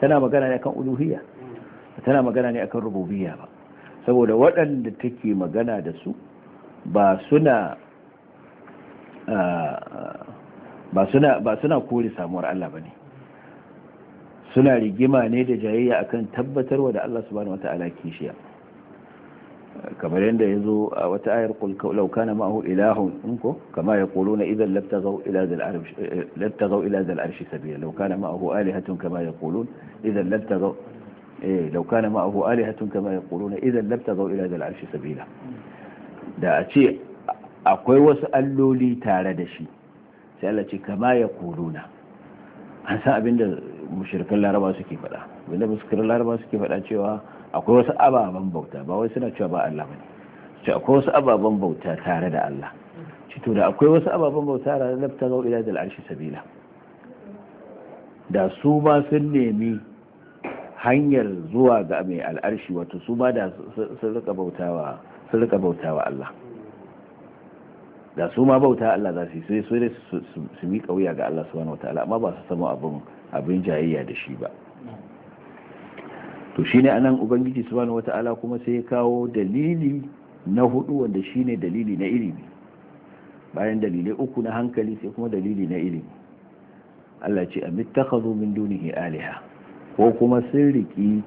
tana magana ne akan uluhiyya tana magana ne akan rububiyya ba saboda waɗanda take magana da su ba suna ba suna ba suna kore samuwar Allah bane suna rigima ne da jayayya akan tabbatarwa da Allah subhanahu wataala kishiya kamar yadda ya zo a wata ayar lauka na ma'ahu ilahun inko kama ya kolo na idan lattazau arshi sabiya lauka na ma'ahu alihatun kama ya kolo idan lattazau eh, lauka na ma'ahu alihatun kama ya kolo na idan lattazau arshi sabila da a ce akwai wasu alloli tare da shi sai Allah ce kama ya kolo na an san abinda mushrikan laraba suke faɗa abinda mushrikan laraba suke faɗa cewa akwai wasu ababen bauta ba wai suna cewa ba Allah bane ce akwai wasu ababen bauta tare da Allah ci to da akwai wasu ababen bauta tare da ta ga ila dal al'arshi sabila da su ma sun nemi hanyar zuwa ga mai al'arshi wato su ma da sun rika bautawa sun rika bautawa Allah da su ma bauta Allah za su yi sai su miƙa wuya ga Allah subhanahu wataala amma ba su samu abin abin jayayya da shi ba to shine anan ubangiji wata ala kuma sai ya kawo dalili na hudu wanda shine dalili na ilimi bayan dalilai uku na hankali sai kuma dalili na ilimi Allah ce zo min dunihi aliha ko kuma sun riki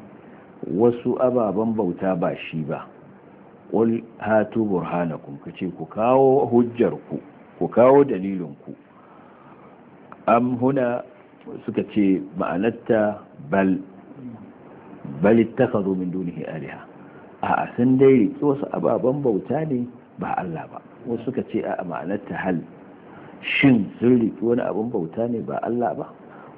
wasu ababen bauta ba shi ba ƙul hatu burhanakum ce ku kawo hujjarku ku kawo dalilinku am huna suka ce ma'anarta bal bal ittakhadhu min dunihi alaha a sun dai riki wasu ababen bauta ne ba Allah ba wasu suka ce a ma'anar ta hal shin sun riki wani abun bauta ne ba Allah ba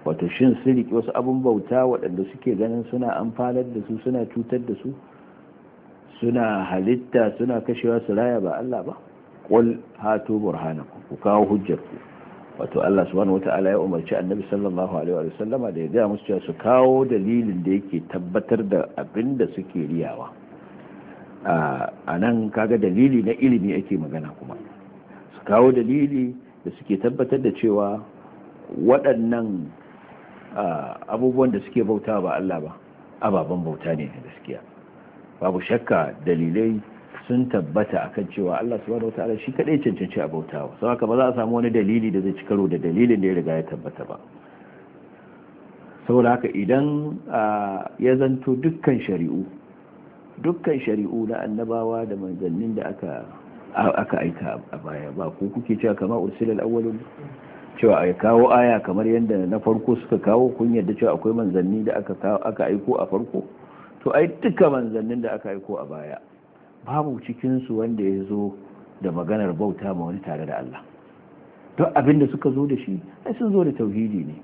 wato shin sun riki wasu abun bauta waɗanda suke ganin suna amfanar da su suna cutar da su suna halitta suna kashewa su raya ba Allah ba qul hatu burhanakum ku kawo hujjarku wato Allah subhanahu wata'ala ya umarci annabi sallallahu alaihi wa sallama da ya gaya musu cewa su kawo dalilin da yake tabbatar da abin da suke riyawa a nan kaga dalili na ilimi ake magana kuma su kawo dalili da suke tabbatar da cewa waɗannan abubuwan da suke bauta ba Allah ba ababen bauta ne gaskiya babu shakka dalilai sun tabbata a kan cewa Allah subhanahu wataala shi kadai cancanci a bautawa sau haka ba za a samu wani dalili da zai ci karo da dalilin da ya riga ya tabbata ba saboda haka idan ya zanto dukkan shari'u dukkan shari'u na annabawa da manzannin da aka aika a baya ba ko kuke cewa kamar ursilal awwalun cewa ai kawo aya kamar yadda na farko suka kawo kun yadda cewa akwai manzanni da aka aka aiko a farko to ai duka manzannin da aka aiko a baya babu cikinsu wanda ya zo da maganar bauta ma wani tare da Allah Don abin da suka zo da shi ai sun zo da tauhidi ne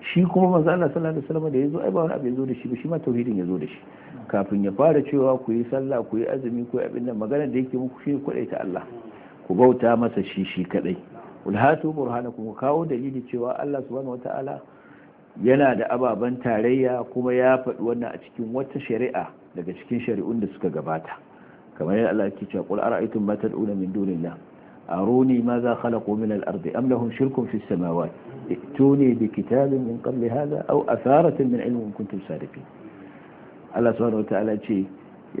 shi kuma manzo Allah sallallahu alaihi wasallam da ya zo ai ba wani abin zo da shi ba shi ma tauhidin ya zo da shi kafin ya fara cewa ku yi sallah ku yi azumi ku yi abin da maganar da yake muku shi kudai ta Allah ku bauta masa shi shi kadai ulhatu burhanakum ku kawo dalili cewa Allah subhanahu wataala yana da ababen tarayya kuma ya faɗi wannan a cikin wata shari'a daga cikin shari'un da suka gabata kamar yadda Allah yake cewa qul ara'aytum ma tad'una min dunillah aruni madha khalaqu min al-ardi am lahum shirkun fi as-samawati ituni bi kitabin min qabli hadha aw atharatin min ilmin kuntum sadiqin Allah subhanahu wataala ce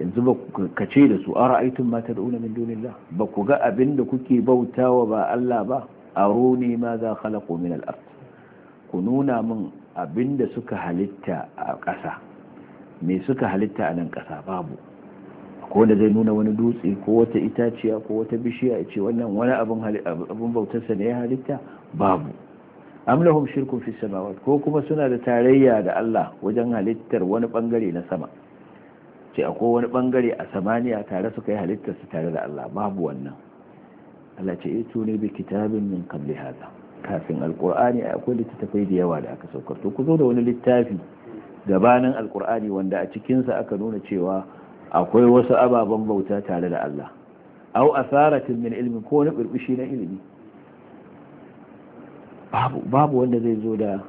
yanzu ba ka ce da su ara'aytum ma tad'una min dunillah ba ku ga abinda da kuke bautawa ba Allah ba aruni madha khalaqu min al-ard ku nuna min abinda da suka halitta a ƙasa me suka halitta a nan ƙasa babu ko da zai nuna wani dutse ko wata itaciya ko wata bishiya ya ce wannan wani abin bautarsa ne ya halitta babu am shirkun fi samawat ko kuma suna da tarayya da Allah wajen halittar wani bangare na sama ce akwai wani bangare a samaniya tare suka yi halittar su tare da Allah babu wannan Allah ce eh, ito ne bi kitabin min qabli hada kafin alqur'ani akwai littattafai da yawa da aka saukar to ku zo da wani littafi gabanin alqur'ani wanda a cikin sa aka nuna cewa akwai wasu ababen bauta tare da Allah au asaratin min ilmin ko na birbishi na ilimi babu wanda zai zo da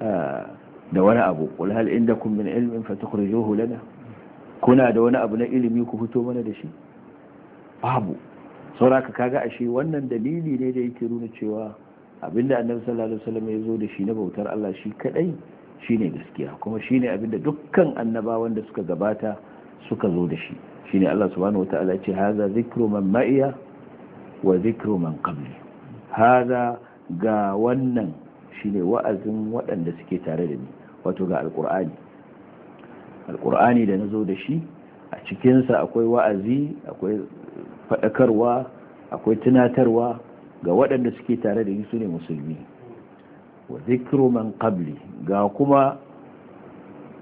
ah, da wani abu qul hal indakum min ilmin fatukhrijuhu lana kuna da wani abu na ilimi ku fito mana da shi babu sauraka kaga ashe wannan dalili ne da yake nuna cewa abinda annabi sallallahu alaihi wasallam ya zo da shi na bautar Allah shi kadai shine gaskiya kuma shine abinda dukkan annabawan da suka gabata suka zo da shi Shi ne Allah subhanahu wataala ce haza zikru man ma'iya wa zikru man qabli haza ga wannan shi ne wa'azin waɗanda suke tare da ni wato ga alƙur'ani alƙur'ani da na zo da shi a cikinsa akwai wa'azi akwai faɗakarwa akwai tunatarwa ga waɗanda suke tare da ni su ne musulmi wa zikru man qabli ga kuma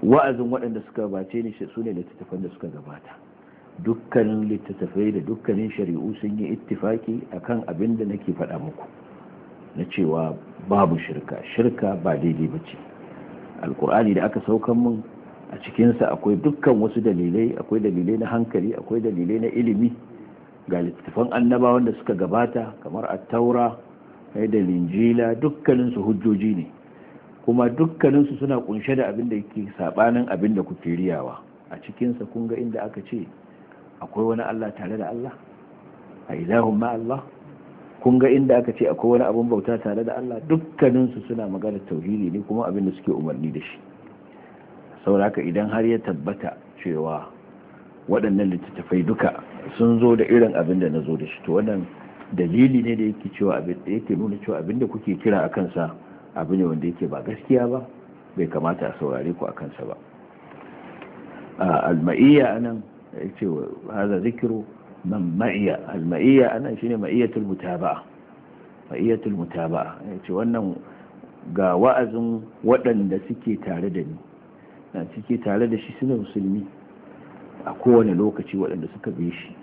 wa'azin waɗanda suka gabace ne su ne littattafan da suka gabata dukkanin littattafai da dukkanin shari'u sun yi ittifaki akan abin da nake faɗa muku na cewa babu shirka shirka ba daidai ba ce alkur'ani da aka saukan mun a cikinsa akwai dukkan wasu dalilai akwai dalilai na hankali akwai dalilai na ilimi ga littattafan annabawan da suka gabata kamar attaura da linjila dukkaninsu hujjoji ne kuma dukkaninsu suna kunshe da abin da yake sabanin abin da kuke riyawa a cikinsa kun ga inda aka ce akwai wani Allah tare da Allah a ilahun ma Allah kun ga inda aka ce akwai wani abin bauta tare da Allah dukkaninsu suna magana tauhidi ne kuma abin da suke umarni da shi sauraka idan har ya tabbata cewa waɗannan littattafai duka sun zo da irin abin da na zo da shi to wannan dalili ne da yake cewa abin da yake nuna cewa abin da kuke kira a kansa abu ne wanda yake ba gaskiya ba bai kamata a saurare ku a kansa ba alma'iyya anan ya ce haza zikiro, man ma'iya alma'iyya anan shine ma'iyyatul mutaba'a ma'iyyatul mutaba'a ya ce wannan ga wa'azin waɗanda suke tare da ni na suke tare da shi suna musulmi a kowane lokaci waɗanda suka bi shi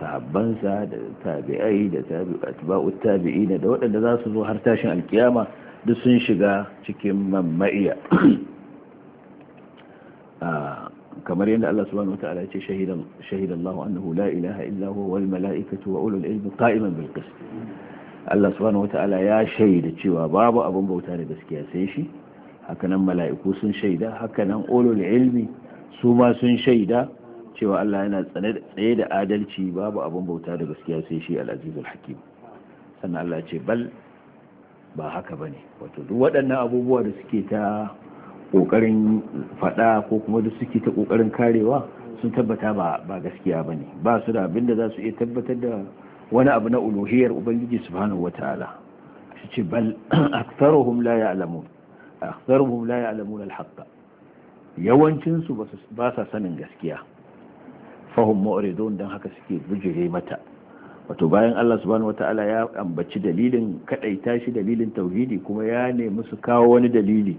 sahabbansa da tabi'ai da tabi'u tabi'ina da waɗanda za su zo har tashin alkiyama duk sun shiga cikin mamma'iya kamar yadda Allah subhanahu wataala ya ce shahidan Allah annahu la ilaha illa huwa wal mala'ikatu wa ulul ilmi qa'iman bil qist Allah subhanahu wataala ya shaida cewa babu abin bauta da gaskiya sai shi hakanan mala'iku sun shaida hakanan ulul ilmi su ma sun shaida cewa Allah yana tsaye da adalci babu abin bauta da gaskiya sai shi al'azizul hakim sannan Allah ce bal ba haka ba ne wato duk waɗannan abubuwa da suke ta ƙoƙarin faɗa ko kuma da suke ta ƙoƙarin karewa sun tabbata ba gaskiya ba ne ba su da abin da za su iya tabbatar da wani abu na uluhiyar ubangiji subhanahu wataala shi ce bal [CLEARS THROAT] aktharuhum la ya'lamun aktharuhum la ya'lamun al-haqq yawancinsu ba sa sanin gaskiya fahim ma'uridun don haka suke bujire mata wato bayan Allah subhanahu wata'ala ya ambaci dalilin kadaita shi dalilin tauhidi kuma ya nemi su kawo wani dalili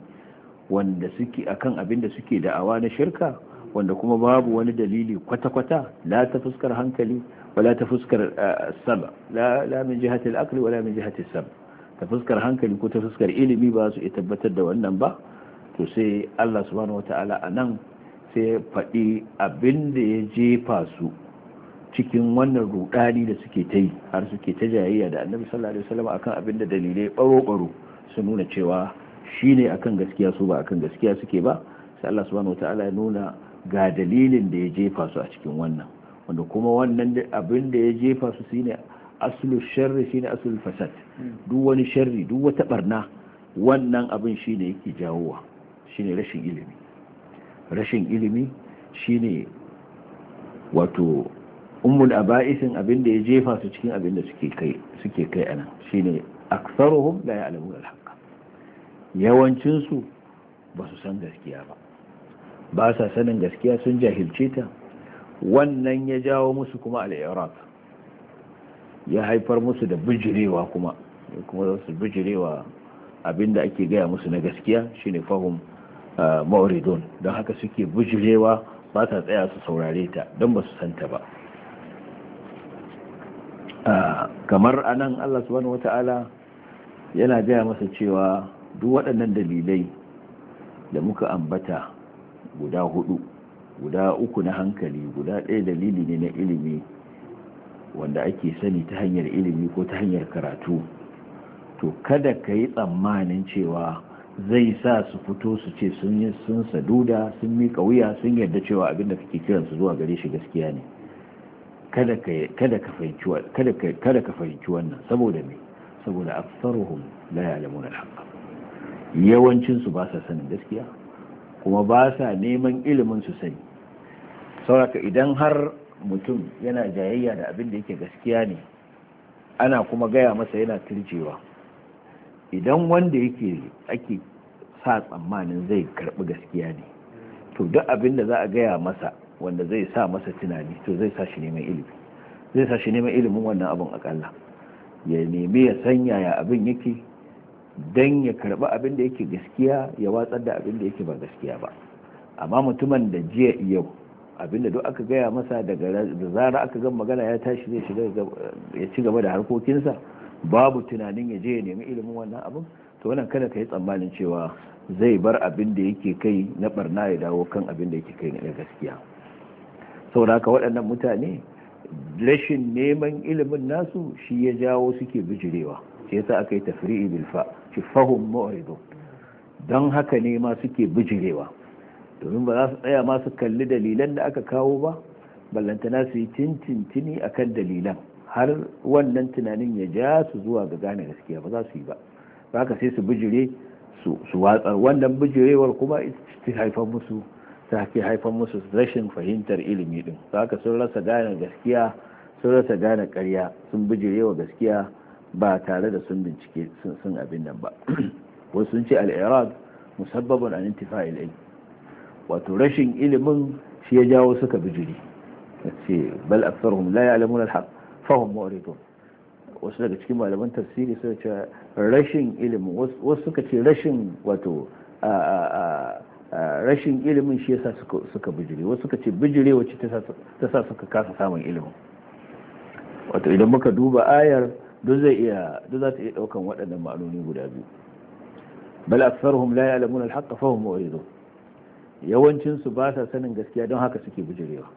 wanda suke akan abin da suke da'awa na shirka wanda kuma babu wani dalili kwata-kwata la ta fuskar hankali wala ta fuskar eh, saba la min jihatil akli wala min jihatil saba ta fuskar hankali ko ta fuskar ilimi ba su iya tabbatar da wannan ba to sai Allah subhanahu wata'ala a nan sai ya faɗi abin da ya jefa su cikin wannan rudani da suke ta yi har suke ta jayayya da annabi sallallahu alaihi wasallam akan abin da dalilai baro-baro su nuna cewa shine akan gaskiya su ba akan gaskiya suke ba sai Allah subhanahu wataala ya nuna ga dalilin da ya jefa su a cikin wannan wanda kuma wannan abin da ya jefa su shine aslu sharri shine aslu fasad duk wani sharri duk wata barna wannan abin shine yake jawowa shine rashin ilimi rashin ilimi shine wato umul aba'isin abin da ya jefa su cikin abin da suke kai suke kai anan shine aktsaruhum la ya'lamun al-haqq yawancin su ba su san gaskiya ba ba sa sanin gaskiya sun jahilce ta wannan ya jawo musu kuma al-iraq ya haifar musu da bijirewa kuma kuma su bijirewa abin da ake gaya musu na gaskiya shine fahim ma'uridun don haka suke bujirewa ba sa tsaya su saurare ta don ba su santa ba kamar anan Allah subhanahu wata'ala yana gaya masa cewa duk waɗannan dalilai da muka ambata guda hudu guda uku na hankali guda ɗaya dalili ne na ilimi wanda ake sani ta hanyar ilimi ko ta hanyar karatu to kada ka yi tsammanin cewa zai sa su fito su ce sun yi sun saduda sun mika wuya sun yarda cewa abin da kake kiran su zuwa gare shi gaskiya ne kada ka fahimci wannan saboda me saboda aksaruhum la ya'lamun al-haqq yawancin su ba sa sanin gaskiya kuma ba sa neman ilimin su sani sauraka idan har mutum yana jayayya da abin da yake gaskiya ne ana kuma gaya masa yana turjewa idan wanda yake ake sa tsammanin zai karɓi gaskiya ne to duk abin da za a gaya masa wanda zai sa masa tunani to zai sa shi neman ilimi zai sa shi neman ilimin wannan abin akalla ya nemi ya sanya ya abin yake don ya karɓi abin da yake gaskiya ya watsar da abin da yake ba gaskiya ba amma mutumin da jiya yau abinda duk aka gaya masa daga zara aka gan magana ya tashi zai shiga ya ci gaba da harkokinsa babu tunanin ya je ya nemi ilimin wannan abin to wannan kada ka yi tsammanin cewa zai bar abin da yake kai na barna ya dawo kan abin da yake kai na gaskiya saboda haka waɗannan mutane rashin neman ilimin nasu shi ya jawo suke bijirewa shi yasa aka yi tafri'i bil fa shi fahum mu'ridu don haka ne ma suke bijirewa domin ba za su tsaya ma su kalli dalilan da aka kawo ba ballantana su yi tintintini akan dalilan har wannan tunanin ya ja su zuwa ga gane gaskiya ba za su yi ba haka sai su bijire su watsar wannan bijirewar kuma ta haifar musu ta haifar musu rashin fahimtar ilimi din haka sun rasa gane gaskiya sun rasa gane karya sun bijirewa gaskiya ba tare da sun bincike sun abin nan ba [CLEARS THROAT] wasu sun ce al'iraq musabbabin an intifa ilai wato rashin ilimin shi ya jawo suka bijiri ce bal aktsaruhum la ya'lamuna al-haqq fahum mu'ridun wasu daga cikin malaman tafsiri suka ce rashin ilimin wasu suka ce rashin wato rashin ilimin shi yasa suka bijire wasu suka ce bijire wacce ta sa suka kasa samun ilimin wato idan muka duba ayar duk zai iya duk za ta iya daukan waɗannan ma'anoni guda biyu bal aktharuhum la ya'lamuna al haqq fa hum mu'ridun yawancin su ba sa sanin gaskiya don haka suke bijirewa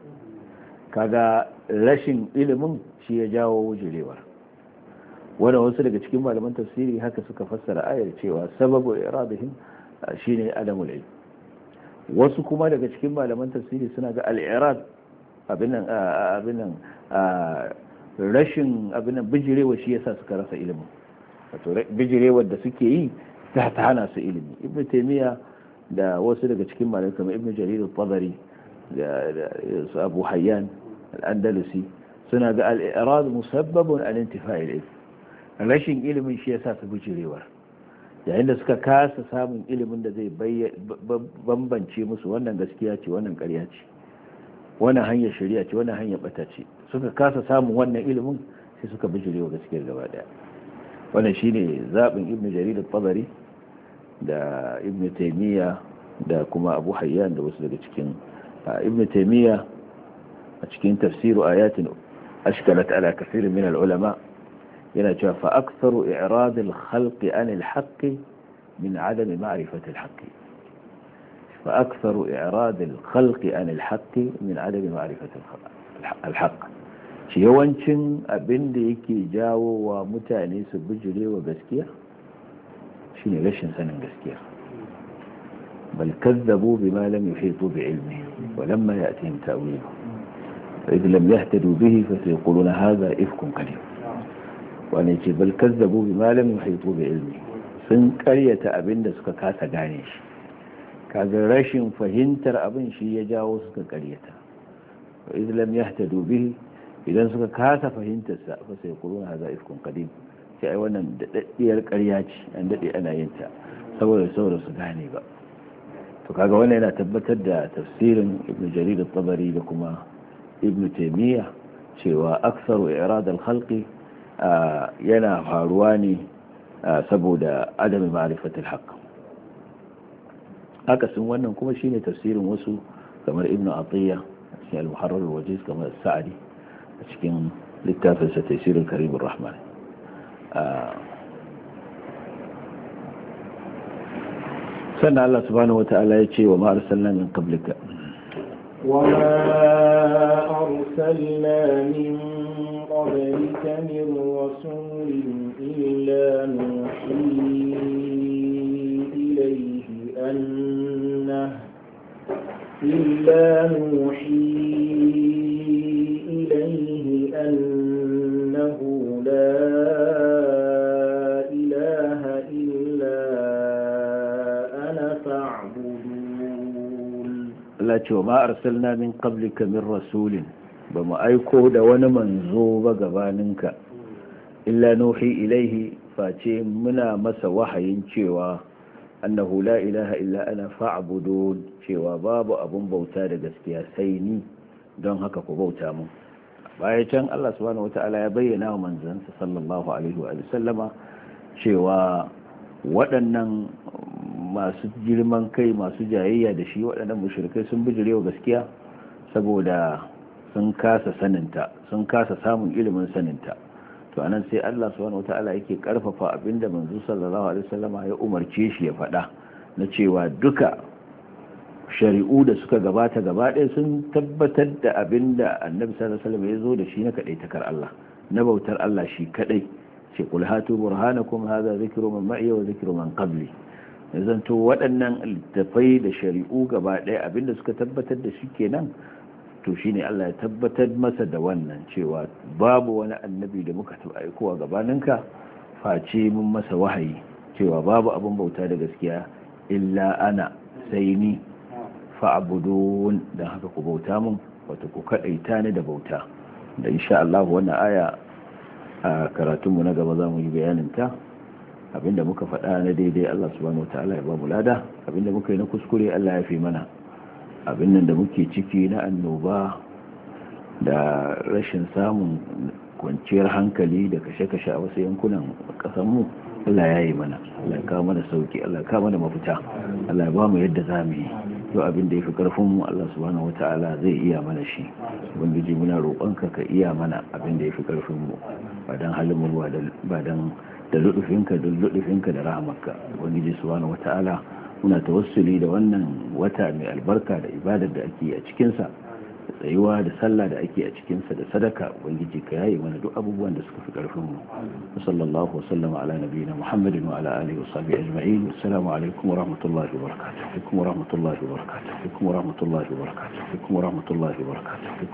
kaga rashin ilimin shi ya jawo bijirewar wanda wasu daga cikin malaman tafsiri haka suka fassara ayar cewa sababu iradihim shine adamul ilm wasu kuma daga cikin malaman tafsiri suna ga al-irad abinan abinan rashin abinan bijirewa shi yasa suka rasa ilimin wato bijirewar da suke yi ta hana su ilimi ibnu taymiya da wasu daga cikin malaman kamar ibn jarir al-tabari da abu hayyan al-andalusi suna ga al-irad musabbabun al-intifa' al-ilm rashin ilimin shi yasa su bujirewar yayin da suka kasa samun ilimin da zai bambance musu wannan gaskiya ce wannan ƙarya ce wannan hanyar shari'a ce wannan hanyar bata ce suka kasa samun wannan ilimin sai suka bijirewa gaskiyar gaba daya wannan shine zaɓin ibn jarir al da ibn taymiya da kuma abu hayyan da wasu daga cikin ibn Taimiyya a cikin tafsiru ayatin ashkalat ala kafirin min al-ulama إلى جاء فأكثر إعراض الخلق عن الحق من عدم معرفة الحق فأكثر إعراض الخلق عن الحق من عدم معرفة الحق يوانشن أبن ديكي جاو ومتعني سبجري وبسكية شيني ليش سنن بسكية بل كذبوا بما لم يحيطوا بعلمه ولما يأتيهم تأويله فإذ لم يهتدوا به فسيقولون هذا إفك قليل wani ce bal kazzabu bi malam yuhitu bi ilmi sun karyata abin da suka kasa gane shi kaga rashin fahimtar abin shi ya jawo suka karyata wa iz lam yahtadu bihi idan suka kasa fahimtar sa fa sai kuluna hadha ifkun qadim sai ai wannan daddiyar karya ce an dade ana yin ta saboda saboda su gane ba to kaga wannan yana tabbatar da tafsirin ibnu jarir at-tabari da kuma ibnu taymiya cewa aksaru irad al-khalqi yana faruwa ne saboda adamin ma'arifatul haka sun wannan kuma shine tafsirin wasu kamar ibnu atiyya cikin al-muharrar wajiz kamar sa'adi a cikin littafin sa tafsirin karimur rahman ah. sannan Allah subhanahu Ta'ala ya ce wa ma arsalna min qablika wa ma arsalna min قبلك من رسول إلا نوحي إليه أنه إلا نوحي إليه أنه لا إله إلا أنا فاعبدون التي وما أرسلنا من قبلك من رسول ba mu aiko da wani manzo ba gabaninka illa nuhi ilaihi face muna masa wahayin cewa annahu la ilaha illa ana fa'budu cewa babu abun bauta da gaskiya sai ni don haka ku bauta mun baya can Allah subhanahu wata'ala ya bayyana wa manzansa sallallahu alaihi wa sallama cewa waɗannan masu girman kai masu jayayya da shi waɗannan mushrikai sun bijirewa gaskiya saboda sun kasa saninta sun kasa samun ilimin saninta to anan sai Allah subhanahu wataala yake karfafa abinda manzo sallallahu alaihi wasallama ya umarce shi ya faɗa na cewa duka shari'u da suka gabata gaba ɗaya sun tabbatar da abinda annabi sallallahu alaihi wasallam ya zo da shi na kadai takar Allah na bautar Allah shi kadai ce kul hatu burhanakum hadha zikru man ma'i wa zikru man qabli yanzu to waɗannan littafai da shari'u gaba ɗaya abinda suka tabbatar da shi kenan to shine Allah ya tabbatar masa da wannan cewa babu wani annabi da muka taɓa aikowa gabaninka face mun masa wahayi cewa babu abun bauta da gaskiya illa ana sai ni fa'budun dan haka ku bauta mun wato ku kaɗaita ni da bauta da insha Allah wannan aya a karatunmu na gaba za mu yi bayanin ta abinda muka faɗa na daidai Allah subhanahu wataala ya ba mu lada abinda muka yi na kuskure Allah ya fi mana abin nan da muke ciki na annoba da rashin samun kwanciyar hankali da kashe-kashe a wasu yankunan kasanmu Allah ya yi mana Allah ya kawo mana sauki Allah ya kawo mana mafita Allah ya ba mu yadda za mu yi yau abin da ya fi karfin mu Allah subhanahu wata'ala zai iya mana shi ubangiji muna roƙonka ka iya mana abin da ya fi karfin mu ba dan halin mu ba dan da lulufinka da lulufinka da rahamarka ubangiji subhanahu wata'ala muna tawassuli da wannan wata mai albarka da ibadar da ake a cikinsa da tsayuwa da sallah da ake a cikinsa da sadaka ubangiji ka yaye mana duk abubuwan da suka fi karfin mu sallallahu wasallama ala nabiyina muhammadin wa ala alihi wa sahbihi ajma'in assalamu alaikum wa rahmatullahi wa barakatuh wa rahmatullahi wa barakatuh wa rahmatullahi wa barakatuh wa rahmatullahi wa barakatuh